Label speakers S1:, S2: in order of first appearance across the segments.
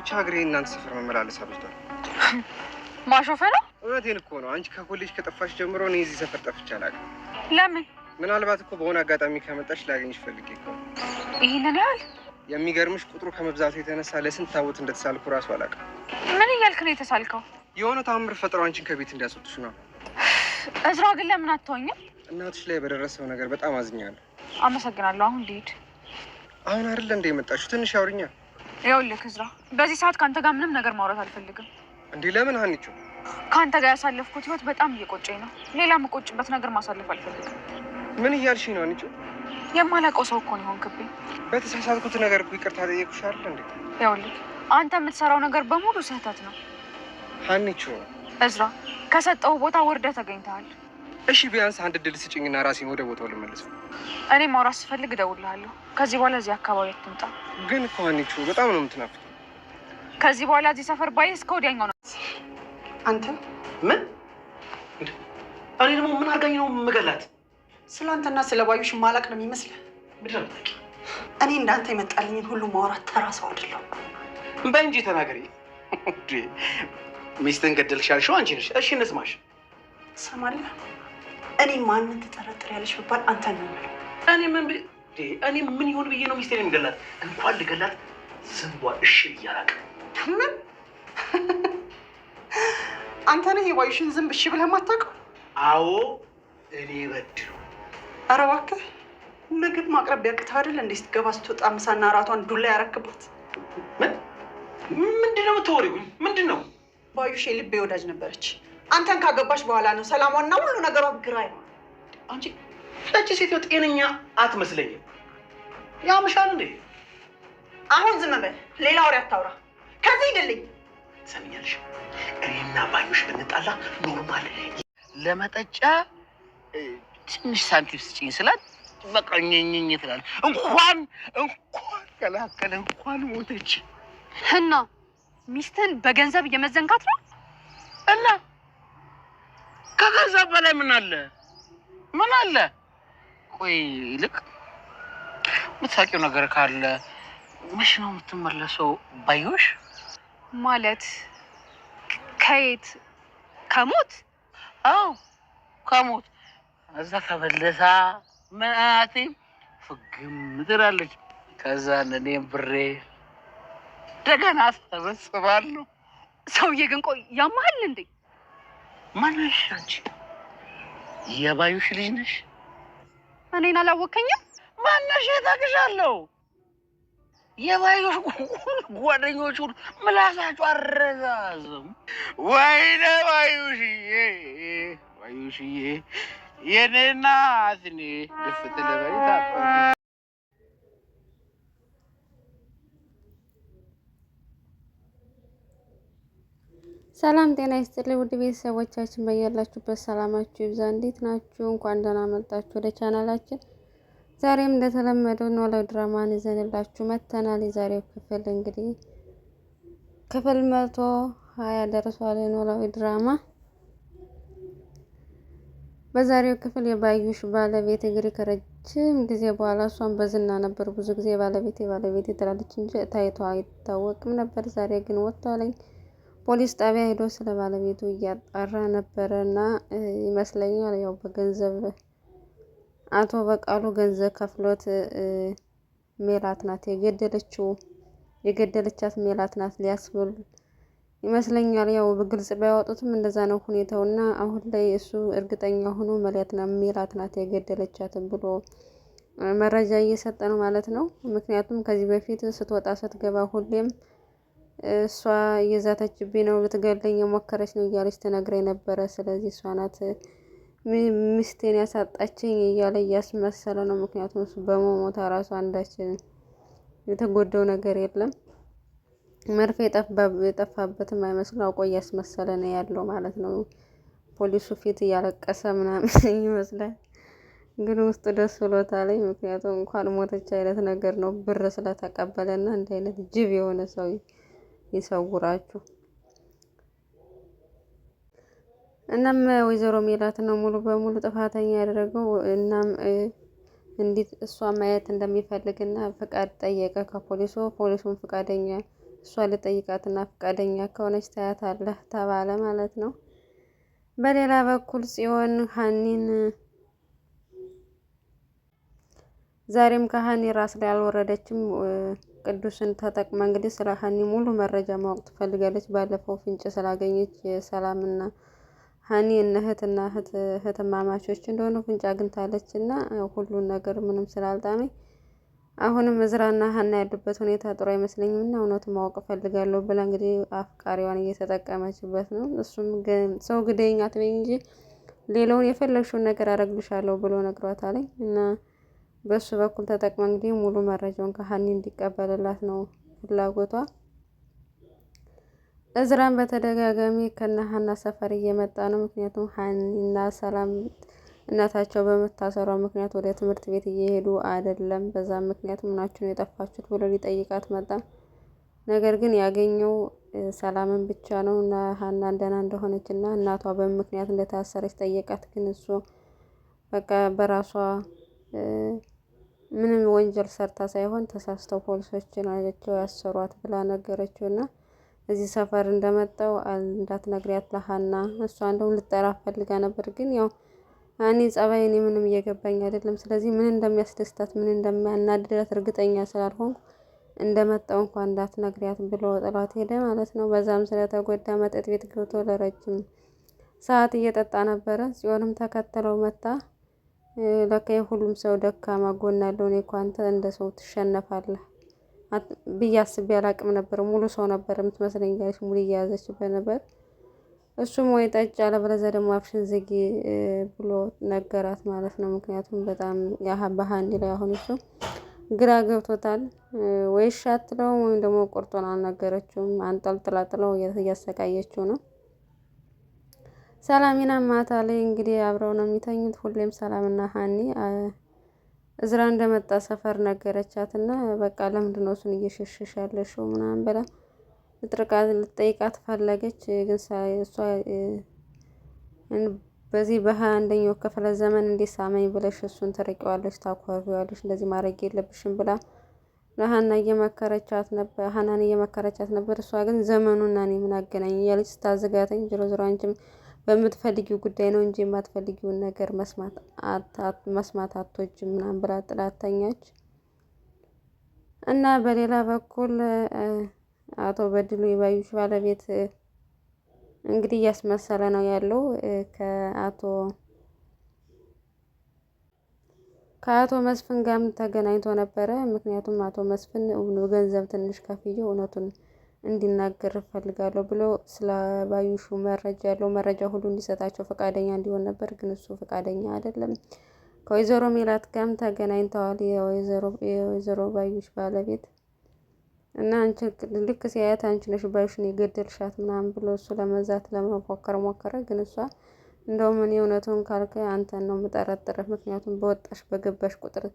S1: ብቻ እግሬ እናንተ ሰፈር መመላለስ አብዝቷል። ማሾፈ ነው። እውነቴን እኮ ነው። አንቺ ከኮሌጅ ከጠፋሽ ጀምሮ እኔ እዚህ ሰፈር ጠፍቼ አላውቅም። ለምን? ምናልባት እኮ በሆነ አጋጣሚ ከመጣሽ ላገኝሽ ፈልጌ እኮ ነው። ይህንን ያህል የሚገርምሽ ቁጥሩ ከመብዛቱ የተነሳ ለስንት ታቦት እንደተሳልኩ እራሱ አላውቅም።
S2: ምን እያልክ ነው የተሳልከው?
S1: የሆነ ታምር ፈጥረው አንቺን ከቤት እንዲያስወጡሽ ነው።
S2: እዝራ ግን ለምን አትሆኝም?
S1: እናትሽ ላይ በደረሰው ነገር በጣም አዝኛለሁ።
S2: አመሰግናለሁ። አሁን ልሂድ።
S1: አሁን አይደለ እንደ የመጣችሁ ትንሽ አውርኛ
S2: ይኸውልህ እዝራ፣ በዚህ ሰዓት ከአንተ ጋር ምንም ነገር ማውራት አልፈልግም።
S1: እንዲህ ለምን ሀኒቾ?
S2: ከአንተ ጋር ያሳለፍኩት ህይወት በጣም እየቆጨኝ ነው። ሌላ የምቆጭበት ነገር ማሳለፍ አልፈልግም።
S1: ምን እያልሽ ነው ሀኒቾ?
S2: የማላውቀው ሰው እኮ ነው የሆንክብኝ።
S1: በተሳሳትኩት ነገር እኮ ይቅርታ ጠየቅኩሽ አይደል እንዴ?
S2: ይኸውልህ አንተ የምትሰራው ነገር በሙሉ ስህተት ነው ሀኒቾ። እዝራ፣ ከሰጠው ቦታ ወርደህ ተገኝተሃል።
S1: እሺ ቢያንስ አንድ እድል ስጭኝና ራሴን ወደ ቦታው ልመልስ።
S2: እኔ ማውራት ስፈልግ እደውልልሃለሁ። ከዚህ በኋላ እዚህ አካባቢ አትምጣ።
S1: ግን እኮ ሀኒቾ በጣም ነው የምትናፍቅ።
S2: ከዚህ በኋላ እዚህ ሰፈር ባይ እስከ ወዲያኛው ነው።
S3: አንተ
S1: ምን? እኔ ደግሞ ምን አድርጋኝ ነው የምገላት?
S3: ስለ አንተና ስለ ባዩሽ ማላቅ ነው የሚመስልህ? እኔ እንዳንተ የመጣልኝን ሁሉ ማውራት ተራ ሰው አይደለሁም።
S1: በእንጂ ተናገሪ። ሚስትን ገደልሻል። ያልሽው አንቺ ነሽ። እሺ እንስማሽ።
S3: ትሰማለህ እኔ ማንን ተጠረጥር ያለሽ ብባል አንተ ነው
S1: የምልህ። እኔ ምን ይሆን ብዬ ነው ሚስቴን የሚገላት እንኳን ልገላት ዝንቧ እሽ እያራቅ
S3: ምን አንተ ነህ የባዩሽን ዝንብ እሺ ብለህ ማታውቀው?
S1: አዎ እኔ በድሉ።
S3: ኧረ እባክህ ምግብ ማቅረብ ቢያቅትህ አይደል እንዴ ስትገባ ስትወጣ ምሳና እራቷን ዱላ ያረክባት።
S1: ምን ምንድን ነው የምታወሪው? ምንድን ነው
S3: ባዩሽ የልቤ ወዳጅ ነበረች። አንተን ካገባሽ በኋላ ነው ሰላሟና ሁሉ ነገሯ ግራ ይሆ
S1: አንቺ እቺ ሴት ጤነኛ አትመስለኝም። ያምሻል እንዴ?
S3: አሁን ዝም በል፣ ሌላ ወሬ አታውራ። ከዚህ ሂድልኝ።
S1: ሰምኛልሽ። እኔና ባዩሽ ብንጣላ ኖርማል። ለመጠጫ ትንሽ ሳንቲም ስጭኝ ስላት በቃ ኘኝ ትላል። እንኳን እንኳን ቀላቀለ እንኳን ሞተች
S2: እና ሚስትን በገንዘብ እየመዘንካት ነው
S1: እና ከገዛ በላይ ምን አለ? ምን አለ? ቆይ ይልቅ የምታውቂው ነገር ካለ መቼ ነው የምትመለሰው? ባዮሽ
S2: ማለት ከየት? ከሞት?
S1: አዎ ከሞት እዛ ከበለሳ መናቴ ፍግም ትላለች። ከዛ እኔም ብሬ ደገና አስተበስባለሁ።
S2: ሰውዬ ግን ቆይ ያመሃል እንዴ?
S1: ማነሽ አንቺ? የባዩሽ ልጅ ነሽ?
S2: እኔን አላወከኝም?
S1: ማነሽ? የታግሻለሁ። የባዩሽ ጓደኞቹ ምላሳቸው አረዛዝም። ወይኔ ባዩሽዬ፣ ባዩሽዬ የኔና አዝኔ ድፍት ለበሬታ
S4: ሰላም ጤና ይስጥልኝ ውድ ቤተሰቦቻችን በያላችሁበት ሰላማችሁ ይብዛ። እንዴት ናችሁ? እንኳን ደህና መጣችሁ ወደ ቻናላችን። ዛሬም እንደተለመደው ኖላዊ ድራማን ይዘንላችሁ መተናል። የዛሬው ክፍል እንግዲህ ክፍል መቶ ሀያ ደርሷል። ኖላዊ ድራማ በዛሬው ክፍል የባዩሽ ባለቤት እንግዲህ ከረጅም ጊዜ በኋላ እሷን በዝና ነበር ብዙ ጊዜ ባለቤት ባለቤት ትላለች እንጂ ታይቷ አይታወቅም ነበር። ዛሬ ግን ወጥቷለኝ ፖሊስ ጣቢያ ሄዶ ስለ ባለቤቱ እያጣራ ነበረ እና ይመስለኛል ያው በገንዘብ አቶ በቃሉ ገንዘብ ከፍሎት ሜላት ናት የገደለችው የገደለቻት ሜላት ናት ሊያስብል ይመስለኛል። ያው በግልጽ ባያወጡትም እንደዛ ነው ሁኔታው እና አሁን ላይ እሱ እርግጠኛ ሆኖ ሜላት ናት የገደለቻትን ብሎ መረጃ እየሰጠ ነው ማለት ነው። ምክንያቱም ከዚህ በፊት ስትወጣ ስትገባ ሁሌም እሷ እየዛተችብኝ ነው፣ ልትገለኝ የሞከረች ነው እያለች ትነግረኝ ነበረ። ስለዚህ እሷ ናት ሚስቴን ያሳጣችኝ እያለ እያስመሰለ ነው። ምክንያቱም እሱ በመሞታ ራሱ አንዳችን የተጎደው ነገር የለም። መርፌ የጠፋበትም አይመስልም፣ አውቆ እያስመሰለ ነው ያለው ማለት ነው። ፖሊሱ ፊት እያለቀሰ ምናምን ይመስላል፣ ግን ውስጡ ደስ ብሎታል። ምክንያቱም እንኳን ሞተች አይነት ነገር ነው ብር ስለተቀበለ ስለተቀበለና እንደ አይነት ጅብ የሆነ ሰው ይሰውራችሁ። እናም ወይዘሮ ሜላት ነው ሙሉ በሙሉ ጥፋተኛ ያደረገው። እናም እንዴት እሷ ማየት እንደሚፈልግና ፍቃድ ጠየቀ ከፖሊሱ። ፖሊሱም ፍቃደኛ እሷ ልጠይቃትና ፍቃደኛ ከሆነች ታያታለህ ተባለ ማለት ነው። በሌላ በኩል ጽዮን ሀኒን ዛሬም ከሀኒ ራስ ላይ አልወረደችም። ቅዱስን ተጠቅማ እንግዲህ ስለ ሀኒ ሙሉ መረጃ ማወቅ ትፈልጋለች። ባለፈው ፍንጭ ስላገኘች የሰላምና ሀኒ እነ እህትና እህትማማቾች እንደሆነ ፍንጭ አግኝታለች እና ሁሉን ነገር ምንም ስላልጣመኝ አሁንም እዝራና ሀና ያሉበት ሁኔታ ጥሩ አይመስለኝም እና እውነቱ ማወቅ እፈልጋለሁ ብላ እንግዲህ አፍቃሪዋን እየተጠቀመችበት ነው። እሱም ሰው ግደይኝ አትበይኝ እንጂ ሌላውን የፈለግሽውን ነገር አረግልሻለሁ ብሎ ነግሯታለኝ እና በእሱ በኩል ተጠቅመ እንግዲህ ሙሉ መረጃውን ከሀኒ እንዲቀበልላት ነው ፍላጎቷ። እዝራን በተደጋጋሚ ከነ ሀና ሰፈር እየመጣ ነው። ምክንያቱም ሀኒና ሰላም እናታቸው በምታሰሯ ምክንያት ወደ ትምህርት ቤት እየሄዱ አይደለም። በዛ ምክንያት ምናችሁ ነው የጠፋችሁት ብሎ ሊጠይቃት መጣ። ነገር ግን ያገኘው ሰላምን ብቻ ነው እና ሀና ደህና እንደሆነች እና እናቷ በምን ምክንያት እንደታሰረች ጠየቃት። ግን እሱ በቃ በራሷ ምንም ወንጀል ሰርታ ሳይሆን ተሳስተው ፖሊሶችን ናቸው ያሰሯት ብላ ነገረችው እና እዚህ ሰፈር እንደመጣው እንዳትነግሪያት ለሀና። እሷ እንደውም ልጠራ ፈልጋ ነበር፣ ግን ያው እኔ ጸባይ እኔ ምንም እየገባኝ አይደለም። ስለዚህ ምን እንደሚያስደስታት ምን እንደሚያናድዳት እርግጠኛ ስላልሆንኩ እንደመጣው እንኳን እንዳትነግሪያት ብሎ ጥሏት ሄደ ማለት ነው። በዛም ስለተጎዳ መጠጥ ቤት ገብቶ ለረጅም ሰዓት እየጠጣ ነበረ። ጽዮንም ተከተለው መታ ለካ የሁሉም ሰው ደካማ ጎን ያለው እኔ እኮ አንተ እንደ ሰው ትሸነፋለህ ብዬ አስቤ አላቅም ነበር። ሙሉ ሰው ነበር የምትመስለኝ ያለች ሙሉ እየያዘችበት ነበር። እሱም ወይ ጠጭ አለበለዚያ ደግሞ አፍሽን ዝጊ ብሎ ነገራት ማለት ነው። ምክንያቱም በጣም በሀንድ ላይ አሁን እሱ ግራ ገብቶታል። ወይ ሻትለው ወይም ደግሞ ቁርጡን አልነገረችውም። አንጠልጥላ ጥለው እያሰቃየችው ነው። ሰላሚና ማታ ላይ እንግዲህ አብረው ነው የሚተኙት ሁሌም። ሰላምና ሀኒ እዝራ እንደመጣ ሰፈር ነገረቻት እና በቃ ለምንድን ነው እሱን እየሸሸሽ ያለሽው ምናምን ብላ ልጥርቃት ልጠይቃት ፈለገች። ግን እሷ በዚህ በሀያ አንደኛው ክፍለ ዘመን እንዴት ሳመኝ ብለሽ እሱን ትርቂዋለሽ፣ ታኮርፊዋለሽ፣ እንደዚህ ማድረግ የለብሽም ብላ ለሀና እየመከረቻት ነበር፣ ሀናን እየመከረቻት ነበር። እሷ ግን ዘመኑና እኔ ምን አገናኝ እያለች ስታዘጋተኝ ዝሮ ዝሮ አንቺም በምትፈልጊው ጉዳይ ነው እንጂ የማትፈልጊውን ነገር መስማት አቶች ምናምን ብላ ጥላተኛች እና በሌላ በኩል አቶ በድሉ የባዩሽ ባለቤት እንግዲህ እያስመሰለ ነው ያለው ከአቶ ከአቶ መስፍን ጋርም ተገናኝቶ ነበረ። ምክንያቱም አቶ መስፍን ገንዘብ ትንሽ ከፍዬ እውነቱን እንዲናገር እፈልጋለሁ ብሎ ስለ ባዩሹ መረጃ ያለው መረጃ ሁሉ እንዲሰጣቸው ፈቃደኛ እንዲሆን ነበር፣ ግን እሱ ፈቃደኛ አይደለም። ከወይዘሮ ሜላት ጋርም ተገናኝተዋል። የወይዘሮ ባዩሽ ባለቤት እና አንቺ ልክ ሲያያት አንቺ ነሽ ባዩሽን የገደልሻት ምናምን ብሎ እሱ ለመዛት ለመሞከር ሞከረ፣ ግን እሷ እንደውም እኔ እውነቱን ካልከ አንተን ነው የምጠረጥርህ፣ ምክንያቱም በወጣሽ በገባሽ ቁጥር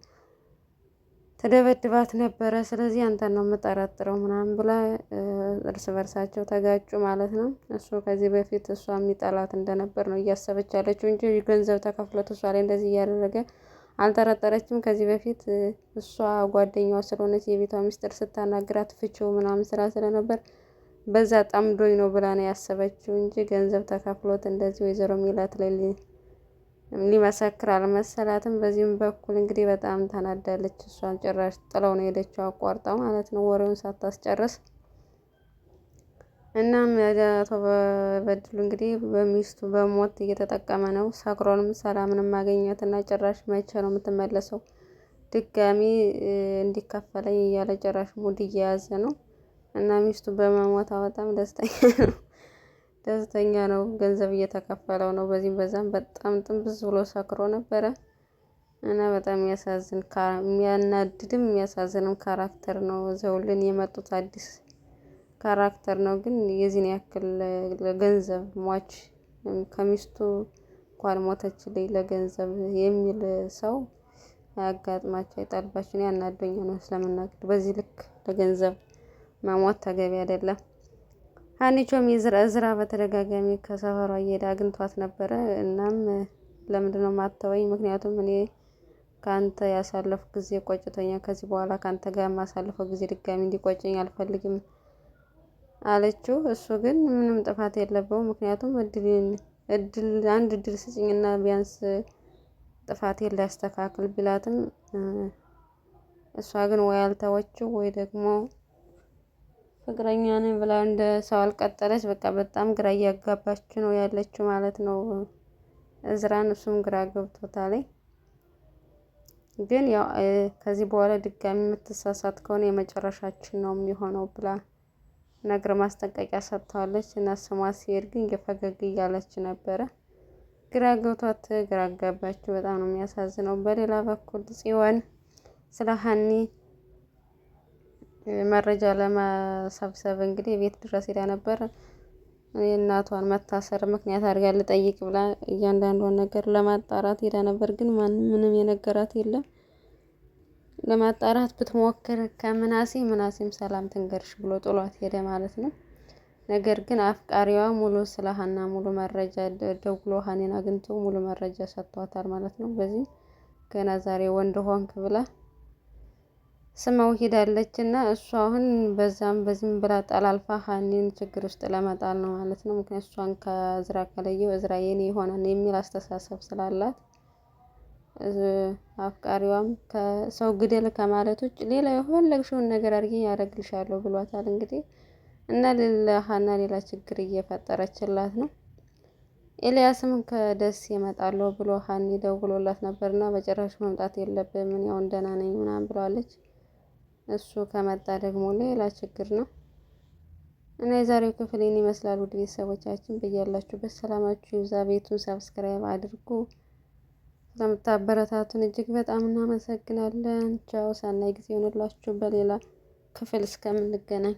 S4: ተደበድባት ነበረ። ስለዚህ አንተ ነው የምጠረጥረው ምናምን ብላ እርስ በርሳቸው ተጋጩ ማለት ነው። እሱ ከዚህ በፊት እሷ የሚጠላት እንደነበር ነው እያሰበች ያለችው እንጂ ገንዘብ ተከፍሎት እሷ ላይ እንደዚህ እያደረገ አልጠረጠረችም። ከዚህ በፊት እሷ ጓደኛዋ ስለሆነች የቤቷ ሚስጥር ስታናግራት ፍቺው ምናምን ስራ ስለነበር በዛ ጠምዶኝ ነው ብላ ነው ያሰበችው እንጂ ገንዘብ ተከፍሎት እንደዚህ ወይዘሮ ሚላት ላይ ሊመሰክር አልመሰላትም። በዚህም በኩል እንግዲህ በጣም ተናዳለች። እሷን ጭራሽ ጥለው ነው የሄደችው፣ አቋርጣ ማለት ነው ወሬውን ሳታስጨርስ። እናም አቶ በድሉ እንግዲህ በሚስቱ በሞት እየተጠቀመ ነው። ሰክሮንም ሰላምንም ማገኘትና ጭራሽ መቼ ነው የምትመለሰው ድጋሚ እንዲከፈለኝ እያለ ጭራሽ ሙድ እየያዘ ነው እና ሚስቱ በመሞታ በጣም ደስተኛ ነው። ደስተኛ ነው። ገንዘብ እየተከፈለው ነው። በዚህም በዛም በጣም ጥንብዝ ብሎ ሰክሮ ነበረ እና በጣም የሚያሳዝን የሚያናድድም የሚያሳዝንም ካራክተር ነው። ዘውልን የመጡት አዲስ ካራክተር ነው። ግን የዚህን ያክል ለገንዘብ ሟች ከሚስቱ እንኳን ላይ ለገንዘብ የሚል ሰው አያጋጥማቸው አይጣልባቸው። እኔ ነው ስለምናገር በዚህ ልክ ለገንዘብ መሞት ተገቢ አይደለም። ሀኒቾም እዝራ በተደጋጋሚ ከሰፈሯ እየሄደ አግኝቷት ነበረ። እናም ለምንድን ነው ማተወኝ? ምክንያቱም እኔ ከአንተ ያሳለፍ ጊዜ ቆጭቶኛ፣ ከዚህ በኋላ ከአንተ ጋር የማሳልፈው ጊዜ ድጋሚ እንዲቆጭኝ አልፈልግም አለችው። እሱ ግን ምንም ጥፋት የለበው ምክንያቱም እድል አንድ እድል ስጭኝና ቢያንስ ጥፋቴን ላስተካክል ቢላትም እሷ ግን ወይ አልተወችው ወይ ደግሞ ፍቅረኛ ነኝ ብላ እንደ ሰው አልቀጠለች። በቃ በጣም ግራ እያጋባች ነው ያለችው ማለት ነው። እዝራን እሱም ግራ ገብቶታል። ግን ያው ከዚህ በኋላ ድጋሚ የምትሳሳት ከሆነ የመጨረሻችን ነው የሚሆነው ብላ ነግር ማስጠንቀቂያ ሰጥተዋለች። እና ስሟ ሲሄድ ግን እየፈገግ እያለች ነበረ። ግራ ገብቷት ግራ አጋባችው። በጣም ነው የሚያሳዝነው። በሌላ በኩል ጽዮን ስለ ሀኒ መረጃ ለመሰብሰብ እንግዲህ ቤት ድረስ ሄዳ ነበር። የእናቷን መታሰር ምክንያት አድርጋ ልጠይቅ ብላ እያንዳንዷን ነገር ለማጣራት ሄዳ ነበር፣ ግን ማንም ምንም የነገራት የለም። ለማጣራት ብትሞክር ከምናሴ ምናሴም ሰላም ትንገርሽ ብሎ ጥሏት ሄደ ማለት ነው። ነገር ግን አፍቃሪዋ ሙሉ ስለ ሀና ሙሉ መረጃ ደውሎ ሀኔን አግኝቶ ሙሉ መረጃ ሰጥቷታል ማለት ነው። በዚህ ገና ዛሬ ወንድ ሆንክ ብላ ስመው ሄዳለች እና እሷ አሁን በዛም በዚህም ብላ ጠላልፋ ሀኒን ችግር ውስጥ ለመጣል ነው ማለት ነው። ምክንያት እሷን ከእዝራ ከለየው እዝራ የኔ ይሆናል የሚል አስተሳሰብ ስላላት አፍቃሪዋም ከሰው ግደል ከማለት ውጭ ሌላ የፈለግሽውን ነገር አድርጊ ያደረግልሻለሁ ብሏታል። እንግዲህ እና ለሀና ሌላ ችግር እየፈጠረችላት ነው። ኤልያስም ከደስ ይመጣለሁ ብሎ ሀኒ ደውሎላት ነበርና በጭራሽ መምጣት የለብም ምን ያው እንደናነኝ ነኝ ምናምን ብለዋለች። እሱ ከመጣ ደግሞ ሌላ ችግር ነው። እና የዛሬው ክፍል ይህን ይመስላል። ውድ ቤተሰቦቻችን በያላችሁበት ሰላማችሁ ይብዛ። ቤቱን ሰብስክራይብ አድርጉ። ስለምታበረታቱን እጅግ በጣም እናመሰግናለን። ቻው፣ ሰናይ ጊዜ ይሆንላችሁ። በሌላ ክፍል እስከምንገናኝ